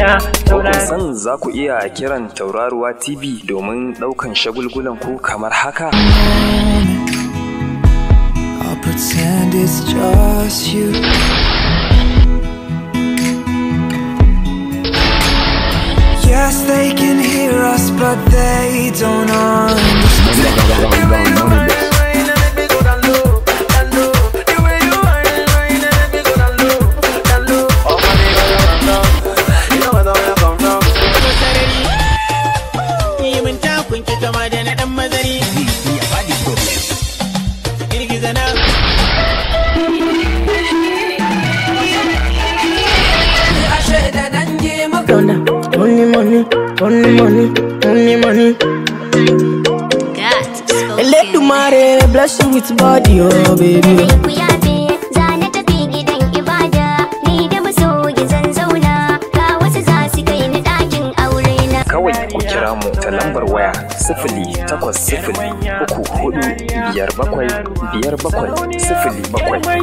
duniya san za ku iya kiran tauraruwa tv domin shagulgulan ku kamar haka pretend it's just you Yes, they can hear us, but they don't understand kama da na dan mazari ya only money, only money, only money. God, Let the bless you with body, oh baby. ku kira mu ta lambar waya sifili takwas sifili uku hudu biyar bakwai biyar bakwai sifili bakwai.